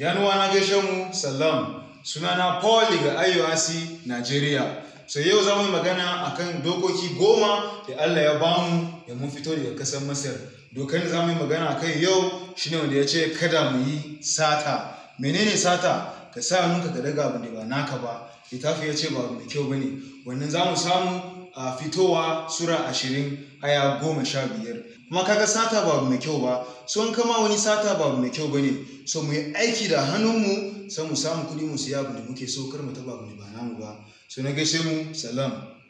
yanuwa na gaishe mu salam sunana paul daga IURC nigeria so yau za mu yi magana akan dokoki goma da allah ya bamu da mun fito daga kasar masar dokar za mu yi magana akan yau shine wanda ya ce kada mu yi sata menene sata ka sa hannunka ka daga abin da ba naka ba littafi ya ce ba abin da kyau ba ne wannan za mu samu a fitowa sura ashirin aya goma sha biyar kuma kaga sata ba abu mai kyau ba so in kama wani sata ba abu mai kyau ba ne so mu yi aiki da hannunmu sai mu samu kuɗi mu siya abu da muke so kar mu taɓa abu da ba namu ba so na gaishe mu salam